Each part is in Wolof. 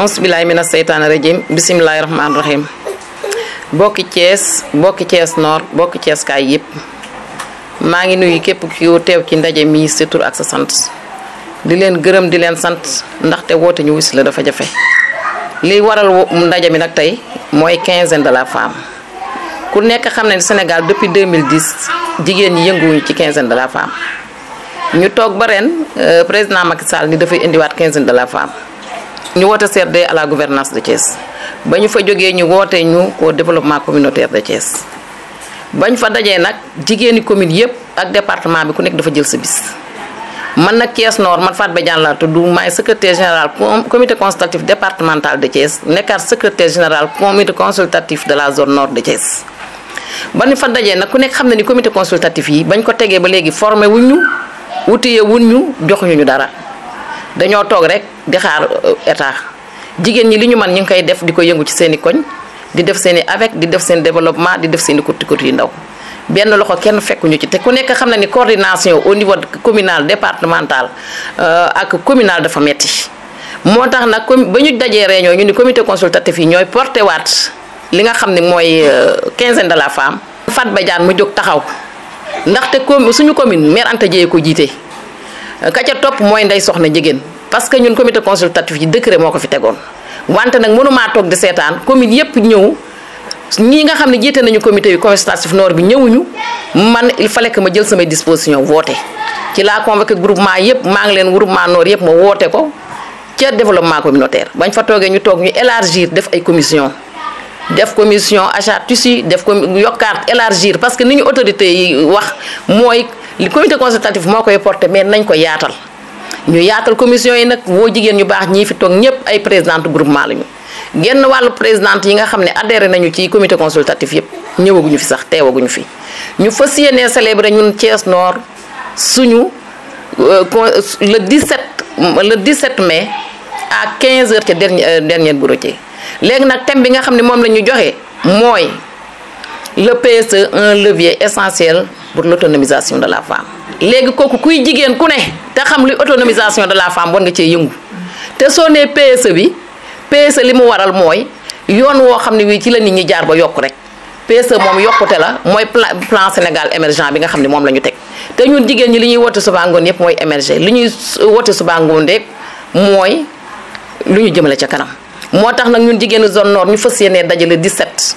auzu bilay mina setan rejim Bismillahirrahmanirrahim. rahmaani rahim bokki Thiès bokki Thiès Nord bokki Thiès kaay yëpp maa ngi nuyu képp ku teew ci ndaje mi sa tur ak sa sant di leen gërëm di leen sant ndaxte woote ñu wis la dafa jafe li waral ndaje mi nag tey mooy quinzaine de la femme ku nekk xam ne Sénégal depuis 2010 jigéen ñi yënguwuñu ci quinzaine de la femme ñu toog ba ren euh, president Macky Sall ni dafay indiwaat quinzaine de la femme ñu woote CRD à la gouvernance de Thiès ba ñu fa jógee ñu wootee ñu ko développement communautaire de ba ñu fa dajee nag jigéeni commune yépp ak département bi ku nekk dafa jël sa bis man nag Thiès Nord man Fatou Badiane laa tudd maay secrétaire général comité consultatif départemental de Thiès nekkaat secrétaire général comité consultatif de la zone nord de Thiès. ba ñu fa dajee nag ku nekk xam ne ni comité consultatif yi bañ ko tegee ba léegi forme wu ñu wutiyee wu ñu joxuñu ñu dara. dañoo toog rek di xaar euh, état jigéen ñi li ñu man ñu ngi koy def di ko yëngu ci seen i koñ di def seen i avec di def seen développement di def seen i kurti yu ndaw benn loxo kenn fekkuñu ci te ku nekk xam na ni coordination au niveau communal départemental euh, ak communal dafa metti moo tax nag ba ñu dajee réunion ñu ni comité consultatif yi ñooy porte waat li nga xam ne mooy euh, quinze de la femme. Fat Badiane mu jóg taxaw ndaxte suñu commune maire Anta Dieye ko jiite ka ca topp mooy ndey soxna jigéen parce que ñun comité consultatif yi décret moo ko fi tegoon wante nag mënumaa toog di seetaan commune yépp ñëw ñii nga xam ne jiite nañu comité yu consultatif nord bi ñëwuñu man il fallait que ma jël samay disposition woote ci laa convoqué groupement yépp maa ngi leen groupement nord yépp ma woote ko ca développement communautaire bañ fa toogee ñu toog ñu élargir def ay commission def commission achat tissu def ko yokkaat élargir parce que ni ñu autorité yi wax mooy comité consultatif moo koy porté mais nañ ko yaatal ñu yaatal commission yi nag woo jigéen ñu baax ñii fi toog ñëpp ay présidente groupement lañu genn wàllu présidente yi nga xam ne adhéré nañu ci comité consultatif yëpp ñëwaguñu fi sax teewaguñu fi ñu fas yéenee célébré ñun Thiès Nord suñu euh, le 17 le 17 mais ak 15 heures ca dernier euh, dernier bureau ci léegi nag thème bi nga xam ne moom la ñu joxe mooy. le PSE un levier essentiel pour l'autonomisation de la femme Légui kooku kuy jigen ku ne xam luy autonomisation de la femme bon nga ci yëngu te soné PSE bi PSE limu waral moy yoon wo xamni wi ci la nit ñi jaar ba yok rek PSE mom yokute la moy plan Sénégal émergent bi nga xamni mom lañu la te ñun jigen ñi li ñuy wote suba ngoon yep moy émerger li ñuy wote suba ngoon moy mooy lu ñu jëmale ca kanam motax nak ñun jigéenu zone nord ñu fas dajale 17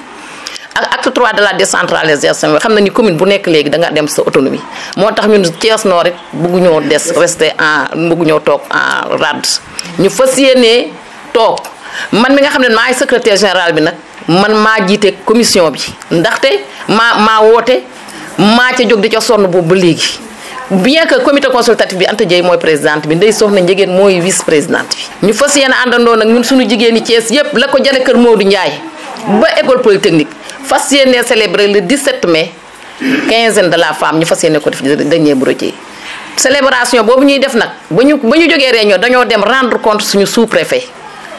acte 3 de la décentralisation xam nañu commune bu nekk léegi da nga dem sa autonomie moo ñun Thiès Nord it bëggu ñoo des resté en bëggu ñoo toog en rade ñu fas yéenee toog man mi nga xam ne maay secrétaire général bi nag man maa jiite commission bi ndaxte maa maa woote maa ca jóg di ca sonn boobu ba léegi bien que comité consultatif bi Anta Dieye mooy présidente bi Ndeye Soxna Njigéen mooy vice présidente bi ñu fas yéene àndandoo ñun suñu jigéen ñi yépp la ko jare kër Modou Ndiaye ba école polytechnique fas yéene célébrer le 17 mai quinzaine de la femme ñu fas yéene ko def dañee brotier célébration boobu ñuy def nag ba ñu ba ñu jógee réunion dañoo dem rendre compte suñu sous-préfet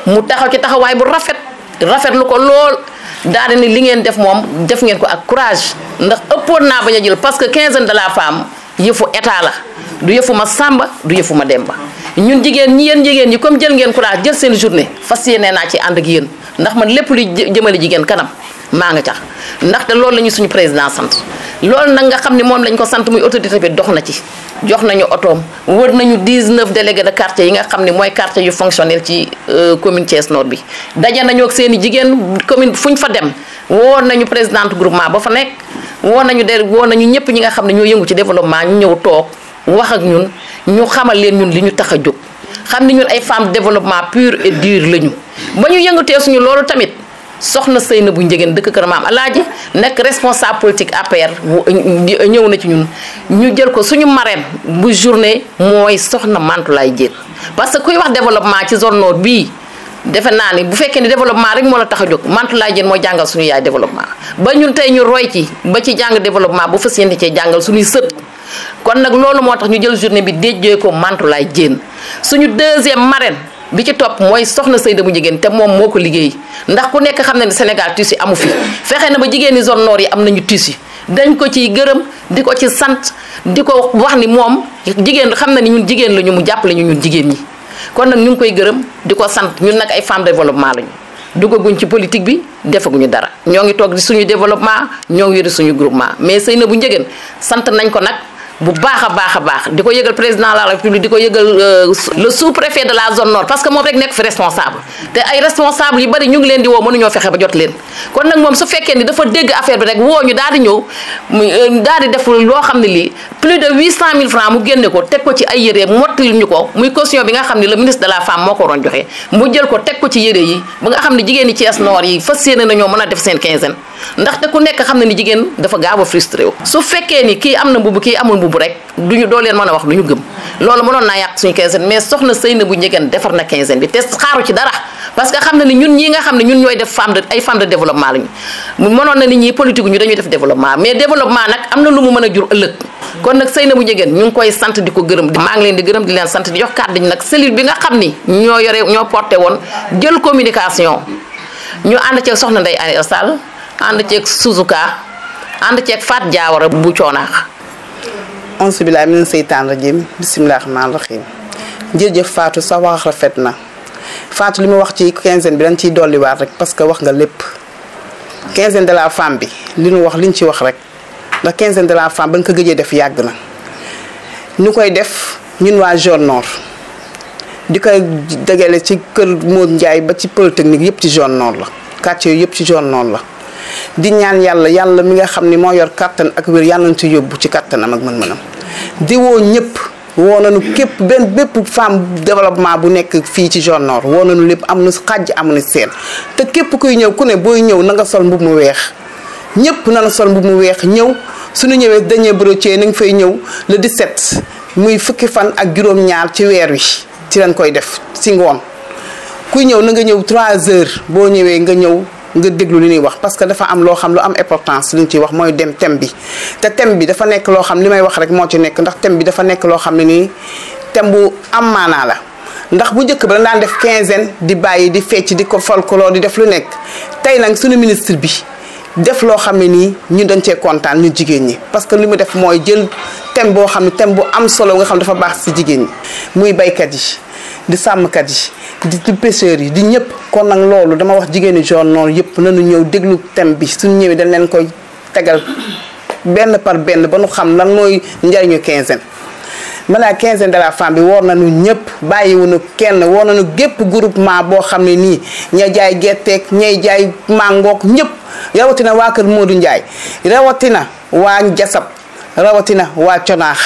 mu taxaw ci taxawaay bu rafet rafetlu ko lool daal ni li ngeen def moom def ngeen ko ak courage ndax ëppoon naa ba ñu jël parce que quinzaine de la femme yëfu état la du yëfu ma Samba du yëfu ma Demba ñun jigéen ñi yéen jigéen ñi comme jël ngeen courage jël seen journée fas yéene naa ci ànd ak yéen ndax man lépp luy jëmale jigéen kanam maa nga ca ndaxte loolu la ñu suñu président sant lool nag nga xam ne moom lañ ko sant muy autorité bi dox na ci jox nañu otoom wër nañu 19 délégués de quartier yi nga xam ne mooy quartier yu fonctionnel ci euh, commune Thiès Nord bi daje nañu ak seen i jigéen commune fu ñu fa dem woo nañu présidente groupement ba fa nekk woo nañu de woo nañu ñëpp ñi nga xam ne ñoo yëngu ci développement ñëw toog wax ak ñun ñu xamal leen ñun li ñu tax a jóg xam ne ñun ay femmes développement pur et lañu soxna bu Ndiéguène dëkk kër maam alaaji nekk responsable politique APR ñëw na ci ñun ñu jël ko suñu marraine bu journée mooy soxna Mantoulaye Dieng parce que kuy wax développement ci zone nord bii defe naa ni bu fekkee ni développement rek moo la tax a jóg Mantoulaye Dieng mooy jàngal suñu yaay développement ba ñun tey ñu roy ci ba ci jàng développement bu fas yéene cee jàngal suñuy sët kon nag loolu moo tax ñu jël journée bi déjjee ko Mantoulaye Dieng suñu deuxième marraine bi ci topp mooy soxna Seyda bu jigéen te moom moo ko liggéey ndax ku nekk xam na ne Sénégal yi amu fi fexe na ba jigéen ñi zone nord yi am nañu tissu dañ ko ciy gërëm di ko ci sant di ko wax ni moom jigéen xam na ni ñun jigéen la ñu mu jàppale ñu ñun jigéen ñi kon nag ñu ngi koy gërëm di ko sant ñu nag ay femmes de développement lañu dugaguñ ci politique bi defaguñu dara ñoo ngi toog di suñu développement ñoo ngi yore suñu groupement mais sëy Seyna bu njëgeen sant nañ ko nag bu baax a baax a baax di ko yëgal président de la république di ko yëgal euh, le sous-préfet de la zone nord parce que moom rek nekk fi responsable te ay responsable yu bari ñu ngi leen di woo mënuñoo fexe ba jot leen kon nag moom su fekkee ni dafa dégg affaire bi rek woo ñu daal di ñëw euh, daal di def loo xam ne lii plus de huit cent mille francs mu génne ko teg ko ci ay yére mottil ñu ko muy caution bi nga xam ne le ministre de la femme moo ko waroon joxe mu jël ko teg ko ne jigéen ñi Thiès Nord yi fas yéene nañoo mën ndaxte ku nekk xam na ni jigéen dafa gaaw a frustré wu. su fekkee ni kii am na mbubb kii amul mbubb rek du ñu doo leen mën a wax lu ñu gëm loolu mënoon naa yàq suñu quinzaine mais soxna sëy na bu njëgeen defar na quinzaine bi te xaaru ci dara parce que xam na ni ñun ñi nga xam ne ñun ñooy def femme de ay femme de développement lañu mënoon na nit ñi politique ñu dañuy def développement mais développement nag am na lu mu mën a jur ëllëg kon nag sëy na bu njëgeen ñu ngi koy sant di ko gërëm maa ngi leen di gërëm di leen sant di jox kàddu nag cellule nga xam ni ñoo yore ñoo porté woon jël communication ñu ànd ci soxna Ndeye Aliou Sall ànd ceeg Suzuka ànd ceeg Fat Diawara bu coonaax onsu bilaay mi ne seytaan rajim bisimilah rahmaan rahim jërëjëf faatu sa wax rafet na Fatou li mu wax ci quinzaine bi dañ ciy dolliwaat rek parce que wax nga lépp quinzaine de la femme bi li ñu wax liñ ci wax rek ndax quinzaine de la femme ba nga ko gëjee def yàgg na ñu koy def ñun waa zone nord di koy dagale ci kër Modou Ndiaye ba ci Polytechnique yëpp ci zone nord la quartier yëpp ci zone nord la di ñaan yàlla yàlla mi nga xam ni moo yor kàttan ak wér yàlla nañ ci yóbbu ci kàttanam ak mën-mënam di woo ñëpp woo nañu képp benn bépp femme développement bu nekk fii ci zone nord woo nañu lépp am na xàjj am na seen te képp kuy ñëw ku ne booy ñëw na nga sol mbub mu weex ñëpp na la sol mbub mu weex ñëw su suñu ñëwee dañee brotier na nga fay ñëw le 17 muy fukki fan ak juróom-ñaar ci weer wi ci lañ koy def si ngoon kuy ñëw na ñëw 3 heures boo nga ñëw nga déglu li ñuy wax parce que dafa am loo xam lu am importance li ñu ciy wax mooy dem thème bi te thème bi dafa nekk loo xam li may wax rek moo ci nekk ndax thème bi dafa nekk loo xam ne nii thème bu am la ndax bu njëkk ba daan def quinzaine di bàyyi di fecc di ko folklore di def lu nekk tey nag suñu ministre bi def loo xam ne nii ñu dañ cee kontaan ñu jigéen ñi parce que li mu def mooy jël thème boo xam ne thème bu am solo nga xam dafa baax si jigéen ñi muy baykat yi di sàmmkat yi di pêcheurs yi di ñëpp kon nag loolu dama wax jigéenu zone noonu yëpp nañu ñëw déglu thème bi suñu ñëwee dañ leen koy tegal benn par benn ba nu xam lan mooy njariñu quinzaine maanaam quinzaine de la bi woor nañu ñëpp bàyyiwu bàyyiwuñu kenn woor nañu gépp groupement boo xam ne nii ña jaay gerteeg ñay jaay màngook ñëpp rawatina waa kër Modou Ndiaye rawatina rawatina waa Conaax.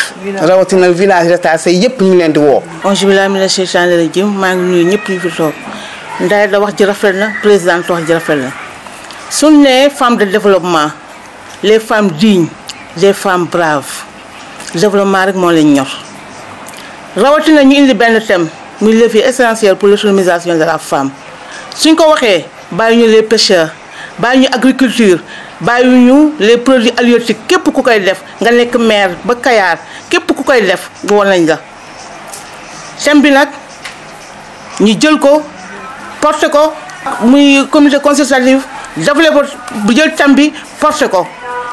rawatina village de Tassé yëpp ñu leen di woo. auzu billaahi mina seytaani rajiim maa ngi nuyu ñëpp ñu fi toog Ndeye da wax ji rafet na présidente wax ji rafet na suñu nee femme de développement les femmes dignes les femmes braves développement rek moo leen ñor rawatina ñu indi benn thème muy le levier essentiel pour l'autonomisation de la femme suñ ko waxee bàyyi ñu les pêcheurs bàyyi ñu agriculture ñu les produits halieutiques képp ku koy def nga nekk maire ba kayaar képp ku koy def woo nañ la thème bi nag ñu jël ko porté ko muy comité consultatif développé bu jël thème bi porté ko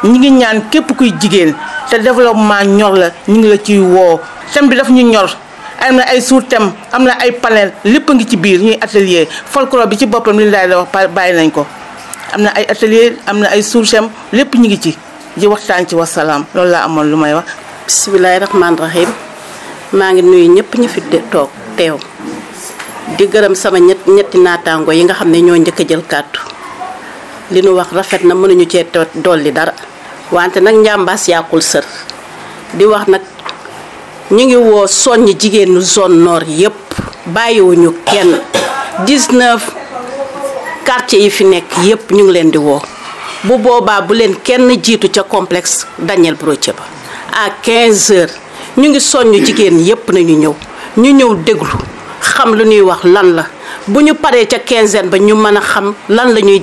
ñu ngi ñaan képp kuy jigéen te développement ñor la ñu ngi la ciy woo thème bi daf ñu ñor am na ay sous-thème am na ay panel lépp a ngi ci biir ñuy atelier folklore bi ci boppam li daay la bàyyi nañ ko am na ay atelier am na ay sous-thèmes lépp ñu ngi ci ji waxtaan ci wasalaam loolu laa amoon lu may wax. bisimilahi rahmaani rahim maa ngi nuyu ñëpp ñu fi toog teew di gërëm sama ñett ñetti naataango yi nga xam ne ñoo njëkk a jël kàddu li nu wax rafet na mënuñu cee dolli dara wante nag njàmbaas yàqul sër di wax nag ñu ngi woo soññ jigéenu zone nord yépp bàyyiwuñu kenn quartier yi fi nekk yépp ñu ngi leen di woo bu boobaa bu leen kenn jiitu ca complexe danielle Brochet ba à 15 heures ñu ngi soññ jigéen yépp nañu ñëw ñu ñëw déglu xam lu ñuy wax lan la bu ñu paree ca quinzaine ba ñu mën a xam lan la ñuy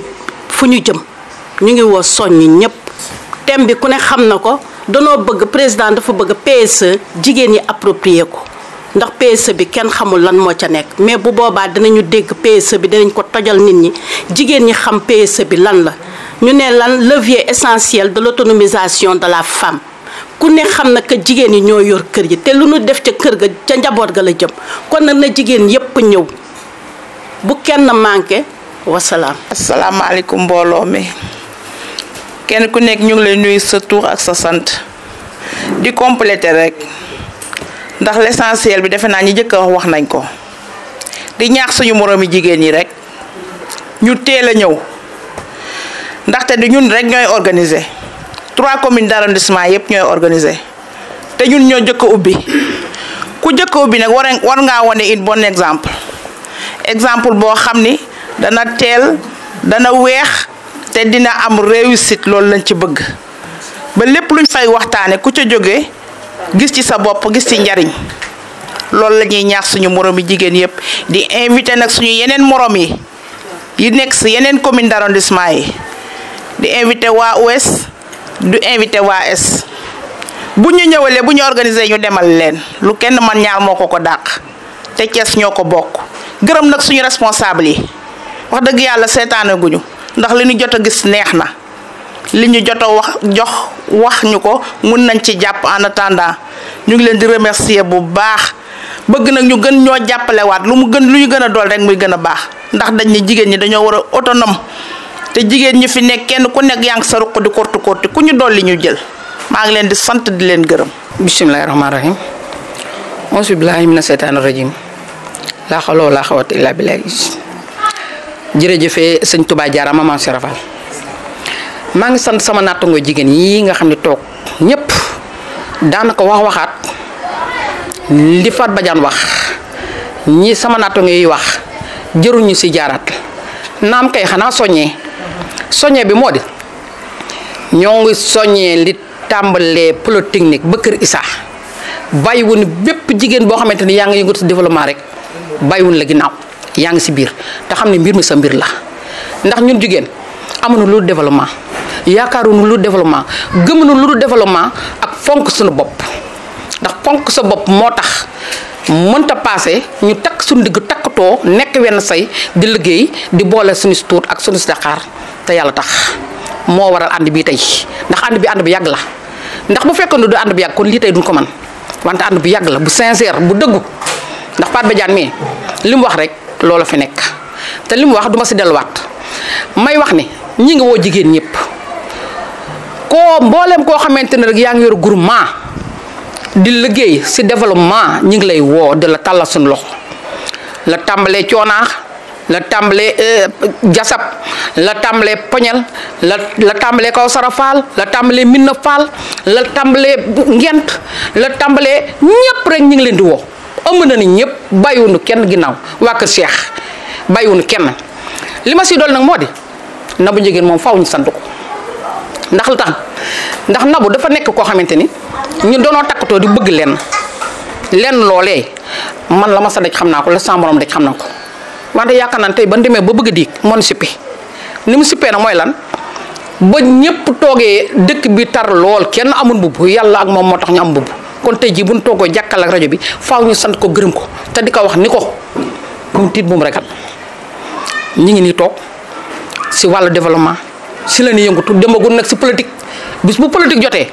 fu ñu jëm ñu ngi woo soññ ñépp thème bi ku ne xam na ko danoo bëgg président dafa bëgg PSE jigéen yi approprier ko ndax PSE bi kenn xamul lan moo ca nekk mais bu boobaa dinañu dégg PSE bi dinañ ko tojal nit ñi jigéen ñi xam PSE bi lan la ñu ne lan levier essentiel de l'autonomisation de la femme ku ne xam na que jigéen ñi ñoo yor kër yi te lu ñu def ca kër ga ca njaboot ga la jëm kon nag na jigéen yépp ñëw bu kenn manqué wasalaam. asalaamaaleykum mbooloo mi kenn ku nekk ñu ngi lay nuyu sa tur ak sa sant di compléter rek. ndax l'essentiel bi defe naa ñi jëkk a wax nañ ko di ñaax suñu moroomi jigéen ñi rek ñu teel a ñëw ndaxte di ñun rek ñooy organiser trois communes d'arrondissement yépp ñooy organiser te ñun ñoo jëkk ubbi ku jëkk a ubbi nag war war ngaa wane une bon exemple exemple boo xam ni dana teel dana weex te dina am réussite loolu lañ ci bëgg ba lépp luñ fay waxtaane ku ca jóge gis ci sa bopp gis ci njariñ loolu la ñuy ñaax suñu morom yi jigéen yépp di invité nag suñu yeneen moroom yi yu nekk si yeneen commune d'arrondissement yi di invité waa ouest du invité waa est bu ñu ñëwalee bu ñu organiser ñu demal leen lu kenn man ñaar moo ko ko dàq te Cees ñoo ko bokk gërëm nag suñu responsable yi wax dëgg yàlla seetaanaguñu ndax li ñu jot a gis neex na liñu ñu wax jox wax ñuko mën mun nañ ci japp en attendant ñu ngi leen di remercier bu baax bëgg nak ñu gën ñoo jappalé waat lu mu gën lu ñu a dool rek muy gëna a baax ndax dañ ni jigéen ñi dañoo wara autonome te jigéen ñi fi nek kenn ku nek yaa sa ruq di kortu kortu ku ñu li ñu jël ma ngi leen di sante di leen gërëm bismillahirrahmanirrahim rahmani billahi mina rajim la xawla la xawata illa billah jërëjëfee sëñ touba jaara maman maa ngi sant sama nattangoo jigen yi nga xamni tok ñep ñëpp daanaka wax waxat li Fat Badiane wax ñi sama nattangoo yi wax ñu si jaarat nam kay xana soñé soñé bi modi di soñé li tambalé polytechnique ba kër Issa bàyyiwuñu bépp jigéen boo xamante ni yaa ngi yëngatu développement rek bàyyiwuñu la ginaaw ya nga ci bir ta xamni mbir mi sa mbir la ndax ñun jigen amuñu lu développement yaakaaru nu lu développement gëm nu lu développement ak fonk suñu bop ndax fonk sa bop motax mën ta passé ñu tak suñu digg takkatoo nek wenn say di liggéey di boole suñu ak suñu dakar te yalla tax mo waral and bi tay ndax and bi and bi yag la ndax bu fekkoon du and bi yag kon li tay duñ ko man wante and bi yag la bu sincère bu deug ndax ba jaan mi lim wax rek lolo fi nek te lim wax du ci delu wat may wax ni ñi nga wo jigen ko mbollem ko xamantene rek yaa ngi yor groupement di liggey si développement ñi ngi lay wo de la tàllal suñu loxo la tambalé coonaax la tambalé euh, jasab la tambalé pognal la la tambalé ko sarafal la tambalé minna la tambalé ngent la tambalé ñépp rek ñi ngi leen di wo ëmb na ni ñépp bàyyiwunu kenn ginnaaw wa ko cheikh bàyyiwunu kenn lima ci si nak modi na bu faaw ñu sant ko ndax lutax ndax nabu dafa nek ko xamanteni ñu doono takato di bëgg lenn lenn lolé man lama sa daj xamna ko la sa morom daj xamna ko wante yaakaar naa tey ba demee ba bëgg di mon sipé ni mu sippee na lan ba ñepp togué dëkk bi tar lol kenn amul mbubb yalla ak mom motax ñu am kon tay ji bu togo jakkal ak radio bi faaw ñu sant ko gërëm ko ta diko wax ni ko tit bu mu ngi ni tok ci walu développement si la ni yëngutu demagul nak si politique bis bu politique jotee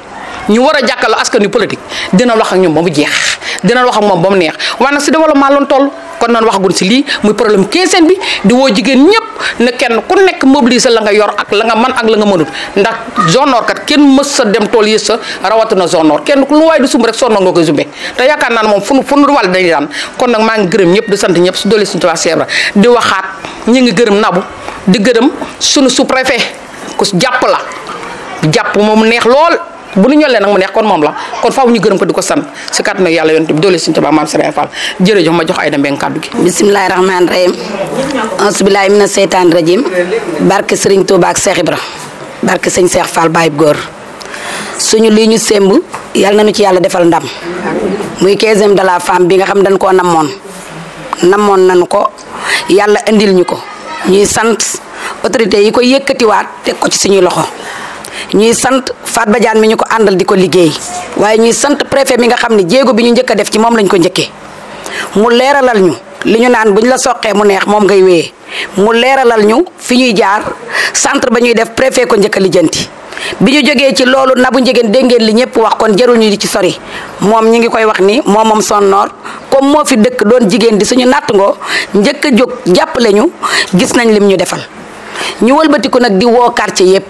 ñu wara a jàkkalu askan wi politique dina wax ak ñoom ba mu jeex dina wax ak moom ba mu neex waaye nag si développement loon toll kon nan waxagun si li muy problème quinzaine bi di woo jigéen ñëpp ne kenn ku nekk mobiliser la nga yor ak la nga man ak la nga mënut ndax zone nord kat kenn mës sa dem tool yës sa rawatina zone nord kenn ku lu waay du sumb rek sonno nga koy sumbe te yaakaar naa ne moom fu nu fu nu kon nag maa ngi gërëm di sant su doli sun tubaab seebra di waxaat ñi ngi gërëm nabu di gërëm sunu sous préfet ku japp la japp mom neex lol bu ñu ñolé nak mu neex kon mom la kon faaw ñu gërëm ko diko sant ci kat na yalla yonte bi dolé señ taba mam serigne fall jere jox ma jox ay dembe kaddu gi bismillahir rahmanir rahim asbillahi minash shaitanir rajim barke serigne touba ak cheikh ibra barke serigne cheikh fall bayib gor suñu li ñu semb yalla nañu ci yalla defal ndam muy 15e de la femme bi nga xam dañ ko namon namon nañ ko yalla andil ñuko ñuy sante autorité yi ko waat teg ko ci suñu loxo ñuy sant Fat Badiane mi ñuko andal diko di liggéey waye ñuy sant préfet mi nga xamni ne jéego bi ñu njëkk def ci mom lañ ko njëkkee mu léralal ñu li ñu naan buñ la soxé mu neex mom ngay wé mu léralal ñu fi ñuy jaar centre ba def préfet ko njëkk lijeenti lijjanti bi ñu jógee ci loolu nabu njegeen dégg ngeen li ñëpp wax kon ci sori mom ñi ngi koy wax ni moom moom son nor comme mo fi dëkk doon jigen di suñu natt ngoo njëkk a ñu gis nañ lim ñu defal ñu wëlbatiku nak di wo quartier yépp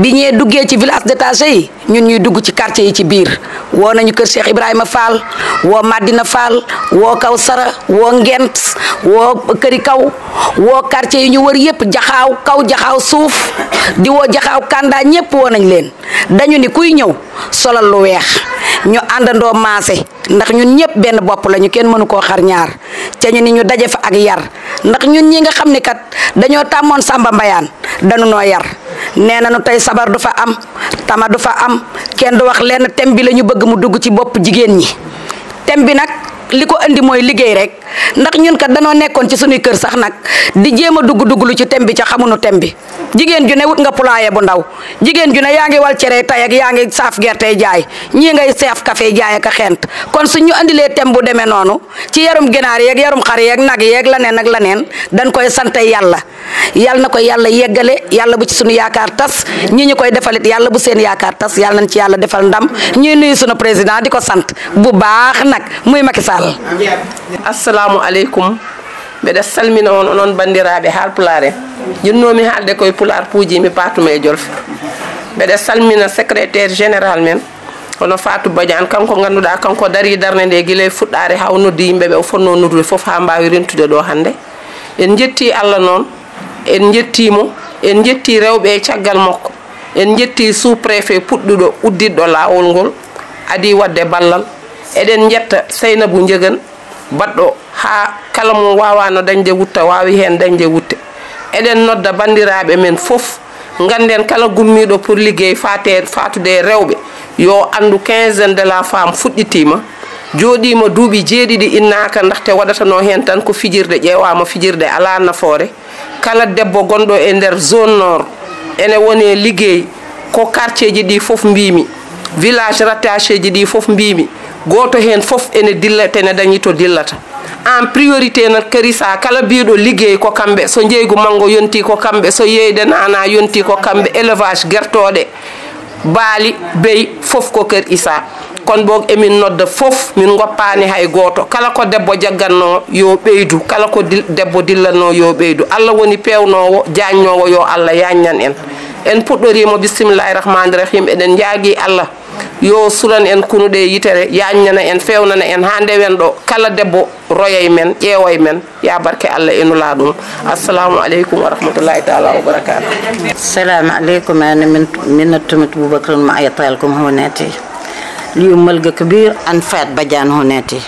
bi ñé duggé ci village détaché yi ñun ñuy dugg ci quartier yi ci biir wo nañu kër cheikh ibrahima fall wo madina fall wo kawsara sara ngent wo këri kaw wo quartier yi ñu wër yépp jaxaw kaw jaxaw suuf di wo jaxaw kanda ñépp wo nañ leen dañu ni kuy ñëw solal lu wéx ñu andando maase ndax ñun ñépp benn bop lañu kenn mënu ko xar ñaar ca ñu ni ñu daje fa ak yar ndax ñun ñi nga xam ni kat dañoo tàmmoon sàmba Mbayaan dañu noo yar nee na nu tey sabar du fa am tama du fa am kenn du wax lenn thème bi la ñu bëgg mu dugg ci bopp jigéen ñi thème bi nag li ko indi mooy liggéey rek ndax ñun kat danoo nekkoon ci sunuy kër sax nag di jéem a dugg dugg lu ci thème bi ca xamuñu thème bi jigéen ju ne wut nga poulailler bu ndaw jigéen ju ne yaa ngi wal cere tay ak yaa ngi saaf gerte jaay ñii ngay seef café jaay ak a xent kon su ñu andilee thème bu demee noonu ci yarum ginaar yeeg yarum xar yeeg nag yeeg laneen ak laneen dañ koy sante yàlla yàlla na ko yàlla yeggale yàlla bu ci suñu yaakaar tas ñi ñu koy defalit yàlla bu seen yaakaar tas yàlla nañ ci yàlla defal ndam ñuy nuyu suñu président di ko sant bu baax nag muy Macky Sall aleykum mbeɗa salmina on onon bandiraɓe haal pulare jinnomi haalde koye pular puujimi patuma e jolfe mbeɗa salmina secrétaire général men hono fatou badiane kanko ganduɗa kanko dari darde nde guila e fuɗɗare haw noddi yimɓeɓe o fonno nodude foof ha mbawi rentude ɗo hande en jetti allah noon en jettimo en jetti rewɓe e caggal makko en jetti sous préfet puɗɗuɗo uddiɗɗo lawol ngol adi wadde ballal eɗen jetta seynabou jegan baɗɗo ha kala mo wawano dañde wutta wawi hen dañde wutte eɗen nodda bandiraɓe men foof ganden kala gummiɗo pour ligguey fate fatude rewɓe yo andu 15 an de la femme fuɗɗitima joɗima duuɓi jeeɗiɗi innaka dakhte waɗatano hen tan ko fijirde ƴeewama fijirde ala nafoore kala debbo gonɗo e nder zone nord ene woni ligguey ko quartier ji ɗi foof mbimi village rattache ji ɗi foof mbimi goto hen foof ene dilla tene dañi to dillata en priorité nan karisa kala biɗo liggey ko kamɓe so jeygu manggo yonti ko kamɓe so yeyde nana yonti ko kamɓe élevage guertoɗe baali beyi foof ko kar isa kon boog emin nodda foof min goppani hay goto kala ko debbo jagganno yo ɓeydu kala ko debbo dillanno yo ɓeydu allah woni pewnowo jaññowo yo allah yañan en en puɗɗorima bisimillahi rahmani rahim eɗen jaagui allah yo sulan en kunuɗe yitere yañnana en fewnana en ha ndewen ɗo kala debbo roya e men ƴeewa e men ya barke allah enula ɗum assalamu aleykum wa rahmatullahi taala wa barakatu assalamu aleykum ana min minnattumit boubacrin ma ayatayalkum honati ليوملقى كبير أنفات بجان هناتي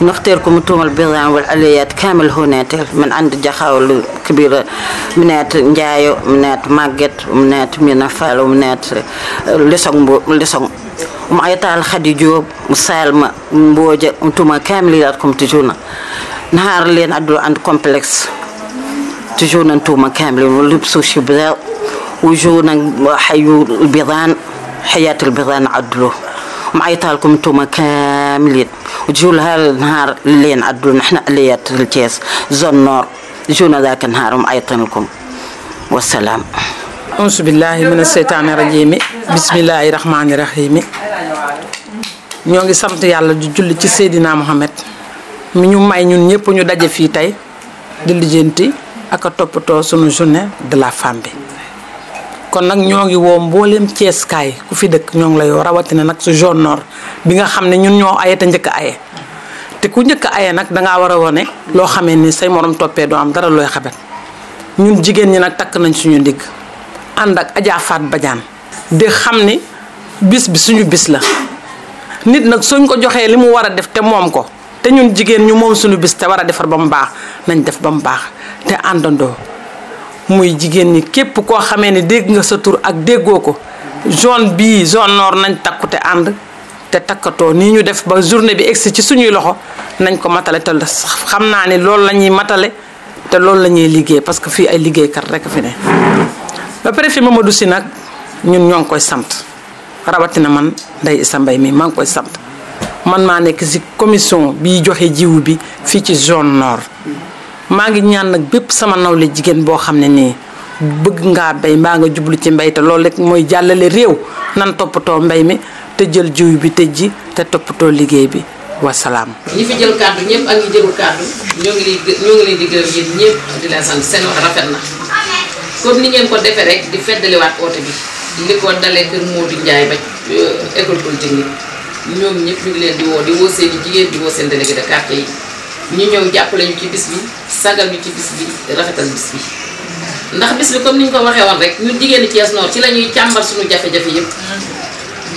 نختاركم توم البضان والعليات كامل هناتي من عند جخاول كبيرة منات نجايو منات ماجت منات منافال ومنات لسون لسون ومعيطة على خدي جوب مسالمة مبوجة انتم كامليناتكم تجونا نهار اللي نعدلو عند كومبلكس تجونا انتم كاملين ولبسوا شي وجونا حيو البيضان حياة البيضان عدلوا معيطه لكم انتم كاملين وتجوا النهار اللي نعدلو نحن اليات الجاز زون نور جونا ذاك النهار ومعيطين لكم والسلام أعوذ بالله من الشيطان الرجيم بسم الله الرحمن الرحيم ñoo ngi sant yàlla du julli ci Seydina Mohamed mi ñu may ñun ñëpp ñu daje fii tey di lijjanti ak a toppatoo sunu journée de la femme bi. kon nag ñoo ngi woo mboolem ceeskaay ku fi dëkk ñoo ngi lay woo rawatina nag su zone nord bi nga xam ne ñun ñoo aye te njëkk aye te ku njëkk aye nag dangaa war a wane loo xamee ni say moroom toppee doo am dara looy xabat ñun jigéen ñi nag takk nañ suñu ndigg ànd ak Adja Faat di xam ni bis bi suñu bis la nit nag suñ ko joxee li mu war a def te moom ko te ñun jigéen ñu moom suñu bis te war a defar ba mu baax nañ def ba mu baax te àndandoo muy jigéen ñi képp koo xamee ne dégg nga sa tur ak déggoo ko zone bii zone noor nañ takku te ànd te takkatoo nii ñu def ba journée bi egsi ci suñuy loxo nañ ko matale te xam naa ne loolu la ñuy matale te loolu la ñuy liggéey parce que fii ay liggéeykat rek fi ne ba préfet Mamadou Sy nag ñun ñoo ngi koy sant rawatina man Ndeye sa mbay mi maa ngi koy sant man maa nekk ci commission bi joxe jiw bi fii ci zone nord maa ngi ñaan nag bépp sama nawle jigéen boo xam ne nii bëgg ngaa bay mbaa nga jublu ci mbay te loolu rek mooy jàllale réew nan toppatoo mbay mi te jël jiw bi tëj ji te toppatoo liggéey bi wasalaam. ñi fi jël kàddu ñëpp ak ñi jëlul kàddu ñoo ngi lay ñoo ngi di gërëm sant seen rafet na comme ni ngeen ko defee rek di feddaliwaat oote bi. li ko dalee kër Modou Ndiaye ba euh, école polytechnique ñoom ñëpp ñu ngi leen di woo di woo seen i jigéen di woo seen délégué de quartier yi ñu ñëw jàppale ñu ci bis bi sagal ñu ci bis bi rafetal bis bi. ndax bis bi comme ni ñu ko waxee woon rek ñun jigéenu Thiès Nord ci la ñuy càmbar suñu jafe-jafe yëpp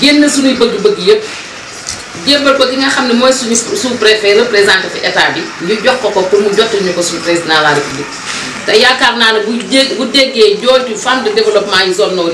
génn suñuy bëgg-bëgg yëpp jébbal ko ki nga xam ne mooy suñu su préfet représenté fi état bi ñu jox ko ko pour mu jotuñu ko suñu président de te yaakaar naa ne bu jé bu déggee jooju femme de développement yu zone nord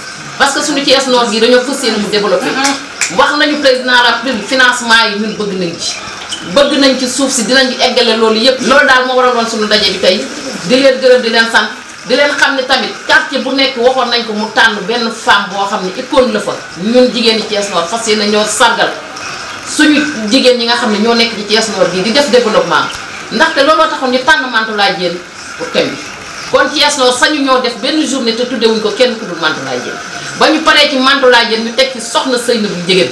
parce que suñu Thiès Nord gi dañoo fas yéene mu développé mm-hmm. wax nañu président la financement yi ñun bëgg nañ ci bëgg nañ ci suuf si dinañu eggale loolu yëpp loolu daal moo waraloon suñu ndaje bi tey di leen gërëm di leen sant di leen xam ne tamit quartier bu nekk waxoon nañ ko mu tànn benn femme boo xam ne icône la fa ñun jigéen ñi Thiès Nord fas yéene ñoo sargal suñu jigéen ñi nga xam ne ñoo nekk ci Thiès Nord gi di def développement ndaxte looloo taxoon ñu tànn Mantoula Diène pour thème bi kon Thiès loolu sañu ñoo def benn journée te tuddewuñ ko kenn ku dul Mantoulaye Diène ba ñu paree ci Mantoulaye Diène ñu teg ci soxna na bu Ndiéguène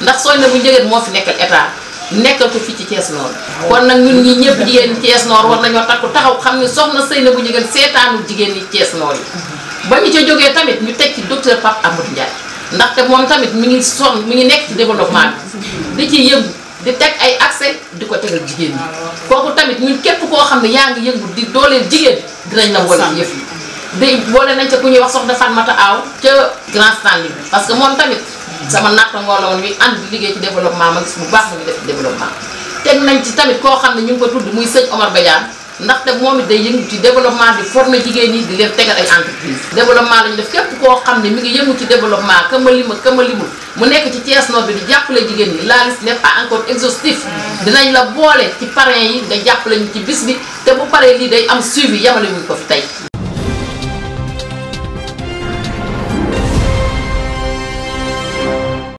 ndax na bu Ndiéguène moo fi nekkal état nekkal ko fii ci Thiès Nord kon nag ñun ñi ñëpp jigéen Thiès noor war nañoo takku taxaw xam ne soxna na bu Ndiéguène seetaanu jigéen ñi Thiès Nord yi ba ñu ca jógee tamit ñu teg ci docteur Pape Amadou Ndiaye ndaxte moom tamit mu ngi sonn mi ngi nekk ci développement bi di ci yëngu di teg ay accès di ko tegal jigéen ñi kooku tamit ñun képp koo xam ne yaa ngi yëngu di dooleel jigéen dinañ la wala yëf yi day boole nañ ca ku ñuy wax soxna Fatmata Aw ca Grand Stand bi parce que moom tamit sama nattangoo la woon wi ànd di liggéey ci développement ma gis mu baax mu ngi def développement teg nañ ci tamit koo xam ne ñu ko tudd muy sëñ Omar Badiane ndaxte moom it day yëngu ci développement di former jigéen ñi di leen tegal ay entreprise développement lañu def képp koo xam ne mu ngi yëngu ci développement kama lima kama mu nekk ci Thiès Nord bi di jàppale jigéen ñi laa liste n'est encore exhaustif dinañ la boole ci parrain yi nga jàppale ñu ci bis bi te bu paree lii day am suivi yamale wuñ ko fi tey